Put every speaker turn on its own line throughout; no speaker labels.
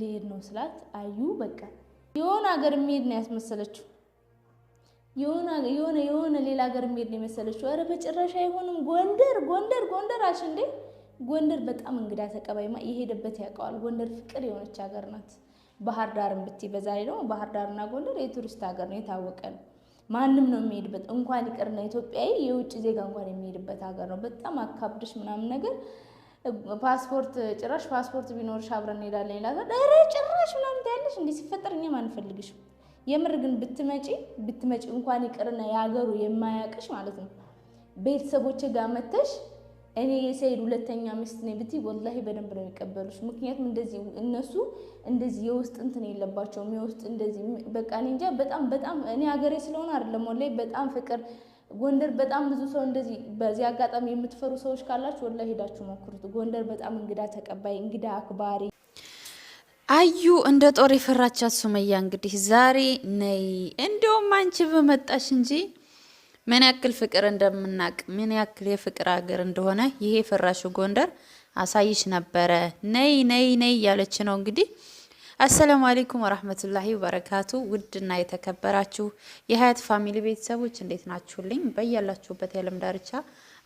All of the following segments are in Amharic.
ሊሄድ ነው ስላት፣ አዩ በቃ የሆነ ሀገር የሚሄድ ነው ያስመሰለችው። የሆነ የሆነ ሌላ ሀገር የሚሄድ ነው የመሰለችው። ኧረ በጭራሽ አይሆንም። ጎንደር ጎንደር ጎንደር አልሽ እንዴ? ጎንደር በጣም እንግዳ ተቀባይማ፣ የሄደበት ያውቀዋል። ጎንደር ፍቅር የሆነች ሀገር ናት። ባህር ዳርም ብትይ በዛ ላይ ደግሞ ባህር ዳርና ጎንደር የቱሪስት ሀገር ነው፣ የታወቀ ነው። ማንም ነው የሚሄድበት። እንኳን ይቅርና ኢትዮጵያዊ የውጭ ዜጋ እንኳን የሚሄድበት ሀገር ነው። በጣም አካብድሽ ምናምን ነገር ፓስፖርት ጭራሽ ፓስፖርት ቢኖርሽ አብረን እንሄዳለን ይላታል። ኧረ ጭራሽ ምናምን ትያለሽ እንዴ! ሲፈጠር እኛም አንፈልግሽም። የምር ግን ብትመጪ ብትመጪ እንኳን ይቅርና የሀገሩ የማያውቅሽ ማለት ነው ቤተሰቦች ጋር መተሽ እኔ የሰይድ ሁለተኛ ሚስት ነኝ ብትይ ወላሂ በደንብ ነው የሚቀበሉሽ። ምክንያቱም እንደዚህ እነሱ እንደዚህ የውስጥ እንትን የለባቸውም። የውስጥ እንደዚህ በቃ እኔ እንጃ በጣም በጣም እኔ ሀገሬ ስለሆነ አይደለም ወላሂ በጣም ፍቅር ጎንደር በጣም ብዙ ሰው እንደዚህ በዚህ አጋጣሚ የምትፈሩ ሰዎች ካላችሁ ወላ ሄዳችሁ ሞክሩት። ጎንደር በጣም እንግዳ ተቀባይ፣ እንግዳ አክባሪ። አዩ እንደ ጦር የፈራቻት ሱመያ እንግዲህ ዛሬ ነይ እንደውም አንቺ በመጣሽ እንጂ ምን ያክል ፍቅር እንደምናቅ ምን ያክል የፍቅር ሀገር እንደሆነ ይሄ የፈራሹ ጎንደር አሳይሽ ነበረ። ነይ ነይ ነይ እያለች ነው እንግዲህ አሰላሙ አሌይኩም ወራህመቱላሂ ወበረካቱ። ውድና የተከበራችሁ የሀያት ፋሚሊ ቤተሰቦች እንዴት ናችሁልኝ? በያላችሁበት የዓለም ዳርቻ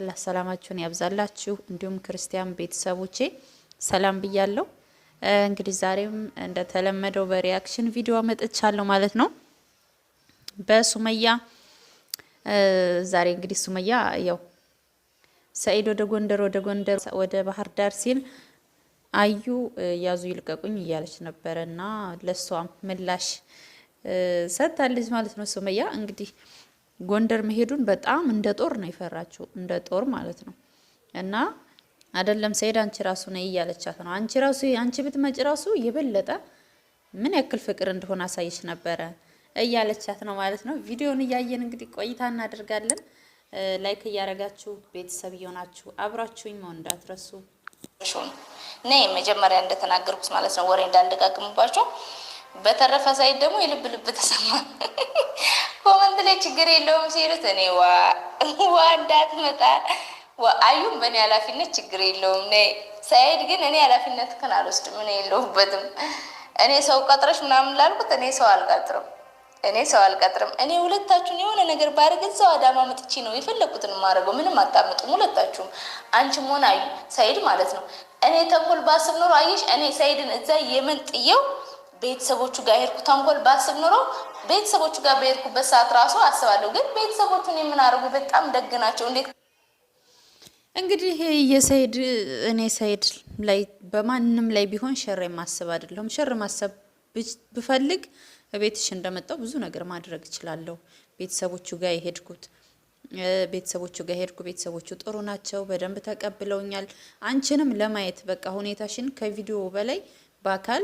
አላህ ሰላማችሁን ያብዛላችሁ። እንዲሁም ክርስቲያን ቤተሰቦቼ ሰላም ብያለሁ። እንግዲህ ዛሬም እንደተለመደው በሪያክሽን ቪዲዮ መጥቻለሁ ማለት ነው። በሱመያ ዛሬ እንግዲህ ሱመያ ያው ሰኢድ ወደ ጎንደር ወደ ጎንደር ወደ ባህር ዳር ሲል አዩ ያዙ ይልቀቁኝ እያለች ነበረ እና ለእሷም ምላሽ ሰጥታለች ማለት ነው። ሱመያ እንግዲህ ጎንደር መሄዱን በጣም እንደ ጦር ነው የፈራችው፣ እንደ ጦር ማለት ነው እና አይደለም ሰይድ አንቺ ራሱ ነይ እያለቻት ነው። አንቺ ራሱ አንቺ ብትመጪ ራሱ የበለጠ ምን ያክል ፍቅር እንደሆነ አሳይሽ ነበረ እያለቻት ነው ማለት ነው። ቪዲዮውን እያየን እንግዲህ ቆይታ እናደርጋለን። ላይክ እያደረጋችሁ ቤተሰብ እየሆናችሁ አብራችሁኝ መሆን እንዳትረሱ። ነ
መጀመሪያ እንደተናገርኩት ማለት ነው። ወሬ እንዳልደጋግምባቸው። በተረፈ ሳይት ደግሞ የልብ ልብ ተሰማ። ኮመንት ላይ ችግር የለውም ሲሉት እኔ ዋ ዋ እንዳትመጣ አዩም በእኔ ኃላፊነት ችግር የለውም ነ ሳይድ ግን እኔ ኃላፊነት ክን አልወስድም፣ እኔ የለሁበትም። እኔ ሰው ቀጥረሽ ምናምን ላልኩት እኔ ሰው አልቀጥርም። እኔ ሰው አልቀጥርም። እኔ ሁለታችሁን የሆነ ነገር ባደርግ እዛው አዳማ መጥቼ ነው የፈለኩትን ማድረገው። ምንም አታምጡም ሁለታችሁም፣ አንቺም ሆነ አዩ ሰይድ ማለት ነው። እኔ ተንኮል ባስብ ኖሮ አየሽ፣ እኔ ሰይድን እዛ የምን ጥየው ቤተሰቦቹ ጋር ሄድኩ። ተንኮል ባስብ ኖሮ ቤተሰቦቹ ጋር በሄድኩበት ሰዓት ራሱ አስባለሁ። ግን ቤተሰቦቹን የምናደርጉ በጣም ደግ ናቸው። እንዴት እንግዲህ የሰይድ እኔ ሰይድ
ላይ በማንም ላይ ቢሆን ሸር የማስብ አይደለሁም። ሸር ማሰብ ብፈልግ ቤትሽ እንደመጣው ብዙ ነገር ማድረግ እችላለሁ። ቤተሰቦቹ ጋር የሄድኩት ቤተሰቦቹ ጋር ሄድኩ። ቤተሰቦቹ ጥሩ ናቸው፣ በደንብ ተቀብለውኛል። አንቺንም ለማየት በቃ ሁኔታሽን ከቪዲዮ በላይ በአካል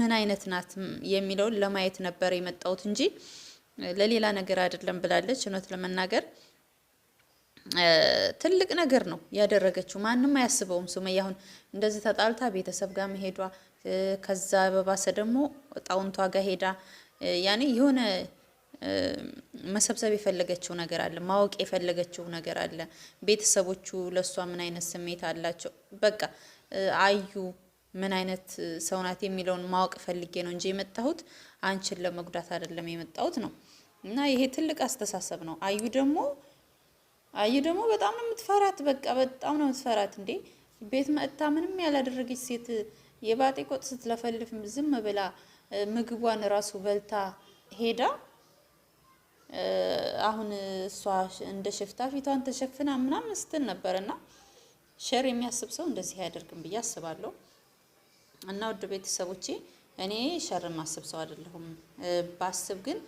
ምን አይነት ናት የሚለውን ለማየት ነበር የመጣሁት እንጂ ለሌላ ነገር አይደለም ብላለች። እውነት ለመናገር ትልቅ ነገር ነው ያደረገችው። ማንም አያስበውም። ሱመያ አሁን እንደዚህ ተጣልታ ቤተሰብ ጋር መሄዷ ከዛ በባሰ ደግሞ ጣውንቷ ጋር ሄዳ ያኔ የሆነ መሰብሰብ የፈለገችው ነገር አለ፣ ማወቅ የፈለገችው ነገር አለ። ቤተሰቦቹ ለእሷ ምን አይነት ስሜት አላቸው፣ በቃ አዩ ምን አይነት ሰው ናት የሚለውን ማወቅ ፈልጌ ነው እንጂ የመጣሁት አንቺን ለመጉዳት አይደለም የመጣሁት ነው። እና ይሄ ትልቅ አስተሳሰብ ነው። አዩ ደግሞ አይ ደግሞ በጣም ነው የምትፈራት፣ በቃ በጣም ነው የምትፈራት። እንዴ ቤት መጥታ ምንም ያላደረገች ሴት የባጤ ቆጥ ስትለፈልፍ ዝም ብላ ምግቧን ራሱ በልታ ሄዳ፣ አሁን እሷ እንደ ሽፍታ ፊቷን ተሸፍና ምናምን ስትል ነበር። እና ሸር የሚያስብ ሰው እንደዚህ አያደርግም ብዬ አስባለሁ። እና ውድ ቤተሰቦቼ እኔ ሸር ማስብ ሰው አይደለሁም። ባስብ ግን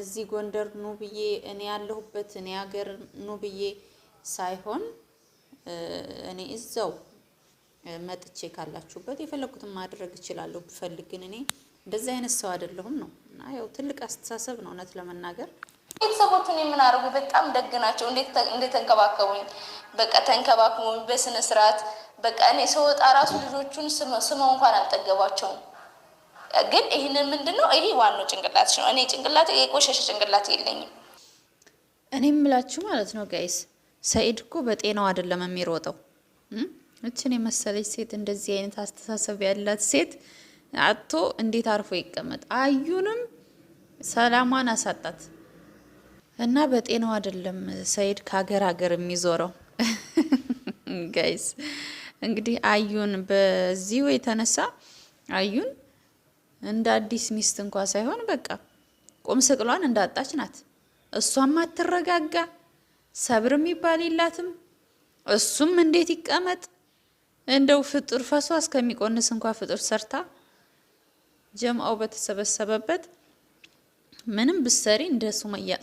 እዚህ ጎንደር ኑ ብዬ እኔ ያለሁበት እኔ ሀገር ኑ ብዬ ሳይሆን እኔ እዛው መጥቼ ካላችሁበት የፈለኩትን ማድረግ እችላለሁ። ብፈልግ ግን እኔ እንደዚህ አይነት ሰው አይደለሁም ነው እና ያው ትልቅ አስተሳሰብ ነው እውነት ለመናገር ቤተሰቦቹን የምናደርጉ በጣም ደግ ናቸው።
እንዴት ተንከባከቡኝ፣ በቃ ተንከባክሙ በስነ ስርዓት። በቃ እኔ ወጣ ራሱ ልጆቹን ስመው እንኳን አልጠገቧቸውም። ግን ይህንን ምንድን ነው ይሄ ዋናው ጭንቅላትሽ ነው። እኔ ጭንቅላት የቆሸሸ ጭንቅላት የለኝም። እኔ የምላችሁ ማለት ነው ጋይስ፣ ሰኢድ እኮ በጤናው አይደለም የሚሮጠው።
እችን የመሰለች ሴት እንደዚህ አይነት አስተሳሰብ ያላት ሴት አቶ እንዴት አርፎ ይቀመጥ? አዩንም ሰላሟን አሳጣት እና በጤናው አይደለም ሰኢድ ከሀገር ሀገር የሚዞረው ጋይስ። እንግዲህ አዩን በዚሁ የተነሳ አዩን እንደ አዲስ ሚስት እንኳ ሳይሆን በቃ ቁም ስቅሏን እንዳጣች ናት። እሷም አትረጋጋ፣ ሰብር የሚባል የላትም። እሱም እንዴት ይቀመጥ? እንደው ፍጡር ፈሷ እስከሚቆንስ እንኳ ፍጡር ሰርታ ጀምአው በተሰበሰበበት ምንም ብሰሪ እንደ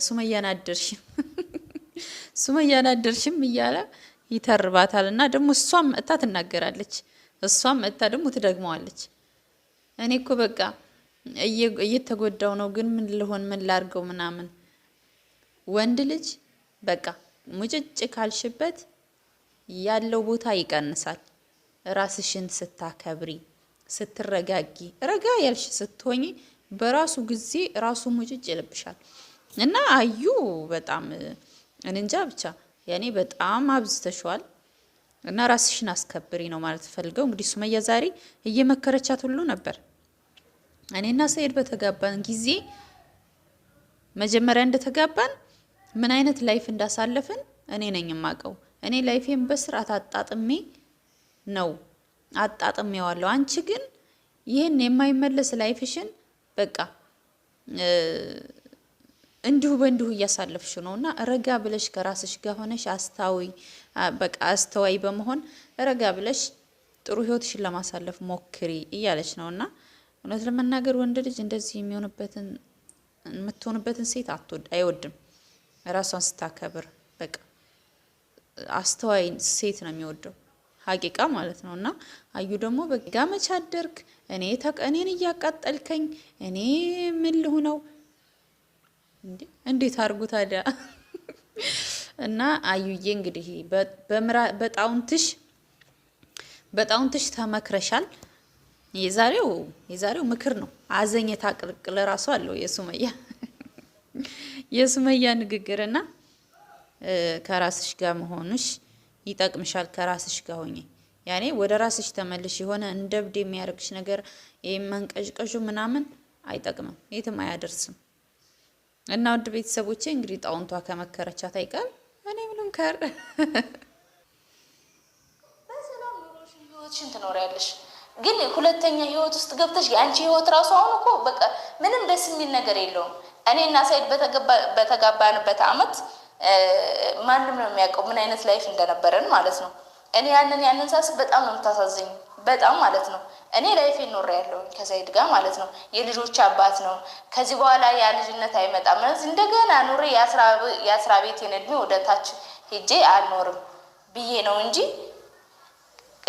ሱመያን አደርሽም ሱመያን አደርሽም እያለ ይተርባታል። እና ደግሞ እሷም መጥታ ትናገራለች፣ እሷም መጥታ ደግሞ ትደግመዋለች። እኔ እኮ በቃ እየተጎዳው ነው፣ ግን ምን ልሆን ምን ላርገው ምናምን። ወንድ ልጅ በቃ ሙጭጭ ካልሽበት ያለው ቦታ ይቀንሳል። ራስሽን ስታከብሪ፣ ስትረጋጊ፣ ረጋ ያልሽ ስትሆኝ በራሱ ጊዜ ራሱ ሙጭጭ ይልብሻል። እና አዩ በጣም እንንጃ ብቻ ያኔ በጣም አብዝተሸዋል። እና ራስሽን አስከብሪ ነው ማለት ፈልገው። እንግዲህ ሱመያ ዛሬ እየመከረቻት ሁሉ ነበር። እኔና ሰኢድ በተጋባን ጊዜ መጀመሪያ እንደተጋባን ምን አይነት ላይፍ እንዳሳለፍን እኔ ነኝ የማውቀው። እኔ ላይፌን በስርዓት አጣጥሜ ነው አጣጥሜዋለሁ። አንቺ ግን ይህን የማይመለስ ላይፍሽን በቃ እንዲሁ በእንዲሁ እያሳለፍሽ ነው እና ረጋ ብለሽ ከራስሽ ጋር ሆነሽ አስታዊ በቃ አስተዋይ በመሆን ረጋ ብለሽ ጥሩ ህይወትሽን ለማሳለፍ ሞክሪ እያለች ነው እና እውነት ለመናገር ወንድ ልጅ እንደዚህ የሚሆንበትን የምትሆንበትን ሴት አትወድ አይወድም። ራሷን ስታከብር በቃ አስተዋይ ሴት ነው የሚወደው ሀቂቃ ማለት ነው እና አዩ ደግሞ በጋ መቻደርክ እኔ እኔን እያቃጠልከኝ እኔ ምን ልሁ ነው እንዴት አድርጉ ታዲያ? እና አዩዬ እንግዲህ በጣውንትሽ በጣውንትሽ ተመክረሻል። የዛሬው የዛሬው ምክር ነው። አዘኝ ቅልቅል ራሱ አለው የሱመያ የሱመያ ንግግርና ከራስሽ ጋር መሆንሽ ይጠቅምሻል። ከራስሽ ጋር ሆኝ ያኔ ወደ ራስሽ ተመልሽ። የሆነ እንደ እብድ የሚያደርግሽ ነገር ይህ መንቀዥቀዡ ምናምን አይጠቅምም፣ የትም አያደርስም። እና ውድ ቤተሰቦቼ እንግዲህ ጣውንቷ ከመከረቻት አይቀር እኔ ምንም ከር
ህይወትሽን ትኖሪያለሽ። ግን ሁለተኛ ህይወት ውስጥ ገብተሽ የአንቺ ህይወት ራሱ አሁን እኮ በቃ ምንም ደስ የሚል ነገር የለውም። እኔ እና ሳይድ በተጋባንበት አመት ማንም ነው የሚያውቀው ምን አይነት ላይፍ እንደነበረን ማለት ነው። እኔ ያንን ያንን ሳስብ በጣም ነው የምታሳዝኝ። በጣም ማለት ነው እኔ ላይፌ ኖር ያለው ከሰይድ ጋር ማለት ነው። የልጆች አባት ነው። ከዚህ በኋላ ያ ልጅነት አይመጣም። እንደገና ኑሬ የአስራ ቤቴን እድሜ ወደ ታች ሄጄ አልኖርም ብዬ ነው እንጂ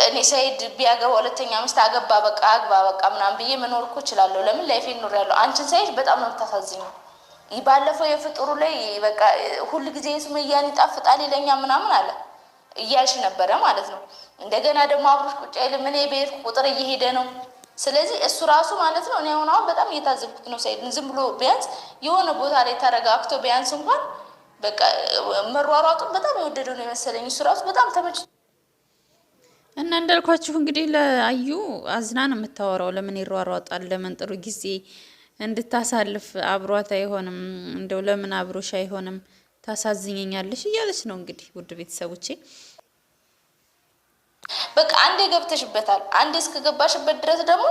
እኔ ሰይድ ቢያገባ ሁለተኛ ሚስት አገባ በቃ አግባ በቃ ምናምን ብዬ መኖር እኮ እችላለሁ። ለምን ላይፌ ኖር ያለው አንቺን ሰይድ በጣም ነው የምታሳዝኝ። ባለፈው የፍጥሩ ላይ በቃ ሁልጊዜ ሱመያን ይጣፍጣል ይለኛ ምናምን አለ እያልሽ ነበረ ማለት ነው። እንደገና ደግሞ አብሮሽ ቁጭ አይልም። እኔ ቤት ቁጥር እየሄደ ነው። ስለዚህ እሱ ራሱ ማለት ነው እኔ አሁን አሁን በጣም እየታዘብኩት ነው። ሳይድን ዝም ብሎ ቢያንስ የሆነ ቦታ ላይ ተረጋግቶ ቢያንስ እንኳን በቃ መሯሯጡን በጣም የወደደው ነው የመሰለኝ። እሱ ራሱ በጣም ተመች እና እንዳልኳችሁ እንግዲህ ለአዩ አዝና ነው የምታወራው። ለምን ይሯሯጣል? ለምን ጥሩ ጊዜ እንድታሳልፍ አብሯት አይሆንም? እንደው ለምን አብሮሽ አይሆንም?
ታሳዝኘኛለሽ እያለች ነው እንግዲህ ውድ ቤተሰቦቼ በቃ አንዴ ገብተሽበታል። አንዴ እስከገባሽበት ድረስ ደግሞ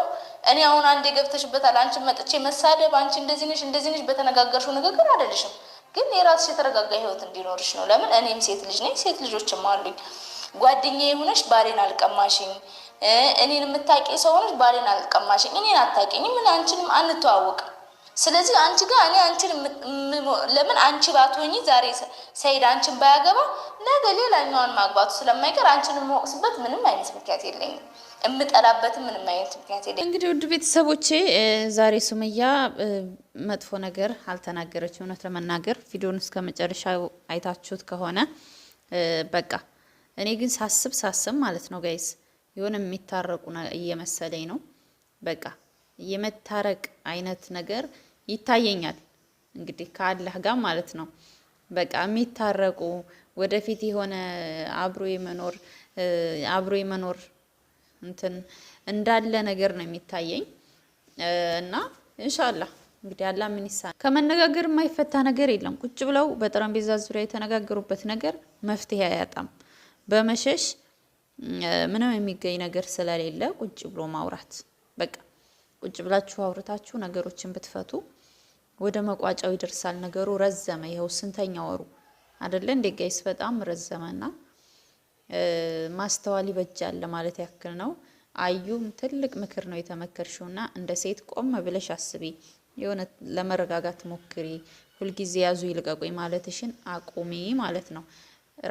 እኔ አሁን አንዴ ገብተሽበታል። አንቺ መጥቼ መሳደብ አንቺ እንደዚህ ነሽ እንደዚህ ነሽ በተነጋገርሽው ንግግር አይደለሽም፣ ግን የራስሽ የተረጋጋ ህይወት እንዲኖርሽ ነው። ለምን
እኔም ሴት ልጅ ነኝ፣ ሴት ልጆችም አሉኝ። ጓደኛ የሆነሽ ባሌን አልቀማሽኝ፣ እኔን የምታቂ ሰው ሆነሽ ባሌን አልቀማሽኝ፣ እኔን አታቂኝ፣ ምን አንቺንም አንተዋወቅም። ስለዚህ አንቺ ጋር እኔ አንቺን ለምን አንቺ ባትሆኚ ዛሬ ሰይድ አንቺን ባያገባ ነገ ሌላኛዋን ማግባቱ ስለማይቀር አንቺን የማወቅስበት ምንም አይነት ምክንያት የለኝም። የምጠላበትም ምንም አይነት ምክንያት የለኝም። እንግዲህ ውድ ቤተሰቦቼ ዛሬ ሱመያ መጥፎ ነገር አልተናገረች። እውነት ለመናገር ቪዲዮን እስከ መጨረሻ አይታችሁት ከሆነ በቃ እኔ ግን ሳስብ ሳስብ ማለት ነው ጋይስ
የሆነ የሚታረቁ እየመሰለኝ ነው። በቃ የመታረቅ አይነት ነገር ይታየኛል። እንግዲህ ከአላህ ጋር ማለት ነው። በቃ የሚታረቁ ወደፊት የሆነ አብሮ የመኖር አብሮ የመኖር እንትን እንዳለ ነገር ነው የሚታየኝ እና ኢንሻአላህ እንግዲህ አላ ምን ይሳናል። ከመነጋገር የማይፈታ ነገር የለም። ቁጭ ብለው በጠረጴዛ ዙሪያ የተነጋገሩበት ነገር መፍትሄ አያጣም። በመሸሽ ምንም የሚገኝ ነገር ስለሌለ ቁጭ ብሎ ማውራት በቃ ቁጭ ብላችሁ አውርታችሁ ነገሮችን ብትፈቱ ወደ መቋጫው ይደርሳል ነገሩ። ረዘመ። ይኸው ስንተኛ ወሩ አደለ እንዴ ጋይስ? በጣም ረዘመና ማስተዋል ይበጃል ለማለት ያክል ነው። አዩም ትልቅ ምክር ነው የተመከርሽውና እንደ ሴት ቆም ብለሽ አስቢ፣ የሆነ ለመረጋጋት ሞክሪ። ሁልጊዜ ያዙ ይልቀቁኝ ማለትሽን አቁሚ ማለት ነው።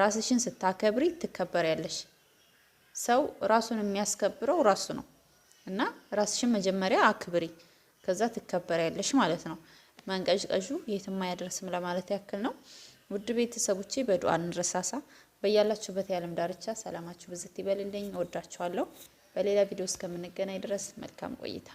ራስሽን ስታከብሪ ያለሽ። ሰው ራሱን የሚያስከብረው ራሱ ነው እና ራስሽን መጀመሪያ አክብሪ፣ ከዛ ያለሽ ማለት ነው። ማንቀዥቀዡ የትም አያደርስም ለማለት ያክል ነው። ውድ ቤተሰቦቼ በዱአ እንረሳሳ። በያላችሁበት የዓለም ዳርቻ ሰላማችሁ ብዝት ይበልልኝ። ወዳችኋለሁ። በሌላ ቪዲዮ እስከምንገናኝ ድረስ መልካም ቆይታ